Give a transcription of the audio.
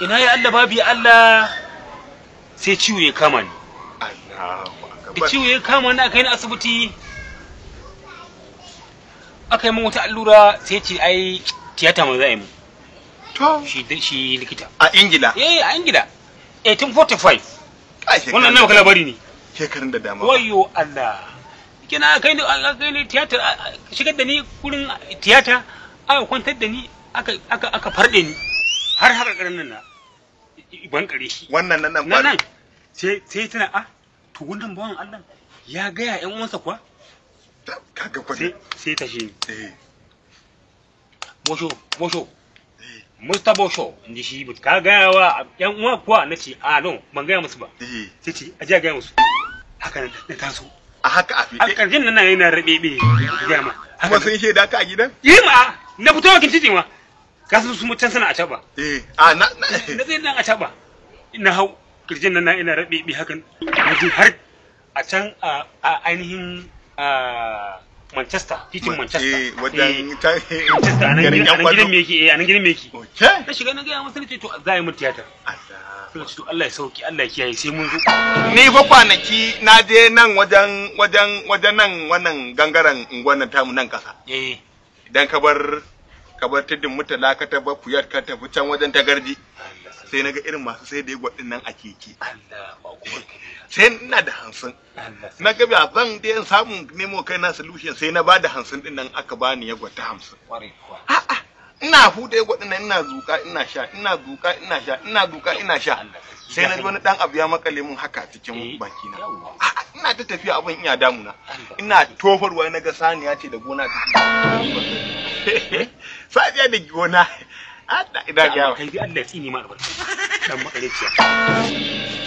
ina ya Allah babu ya Allah sai ciwo ya kama ni da ciwo ya kama ni aka yi asibiti aka yi min wata allura sai ce ai tiyata ma za yi mu to shi shi likita a ingila eh a ingila 1845 wannan nan kala bari ne shekarun da dama wayo Allah kina kai ne kai ne tiyata shigar da ni kurin tiyata aka kwantar da ni aka aka aka farde ni har haka karan nan na ban kare shi wannan nan nan nan sai sai tana a ah, to wannan bawan Allah ya gaya ƴan uwansa kuwa kaga kwa sai sai ta shi eh bosho bosho eh. Musta Bosho inji shi but ka gaya wa ƴan uwa kuwa na ce a ah, no ban gaya musu ba eh. sai ce a gaya musu haka na taso a haka a fi. a ƙarshen nan yana rabebe Ga ma kuma sun shaida ka a gidan yi ma na fito bakin titi ma ka san su mutan sana a taba eh a na na zai nan a taba ina hau kirjin nan ina rabe bi hakan naji har a can a ainihin a Manchester titin Manchester eh wajen eh, Manchester anan gidan me yake eh gidan me yake okay na shiga na ga masa nace to za yi mu tiyata Allah to Allah ya sauki Allah ya kiyaye sai mun zo ni fa kwanaki na je nan wajen wajen wajen nan wannan gangaren ungwanan tamu nan kasa eh idan ka bar ka bar tudun lakata ba ku fuyar ka tafi can wajen tagardi sai na ga irin masu sai da yi gwadin nan a keke sai ina da hansun na ga ba zan da yin samun nemo kai na solution sai na bada hansun din nan aka bani ya gwata hamsin ina hude gwadin nan ina zuka ina sha ina zuka ina sha ina zuka ina sha sai na ji wani dan abu ya makale mun haka cikin eh, baki na ina ta tafiya abin iya damuna ina tofarwa na ga saniya ce da gona ta safiya da gona ina ga kai bi Allah ya tsini ma albarka dan makareciya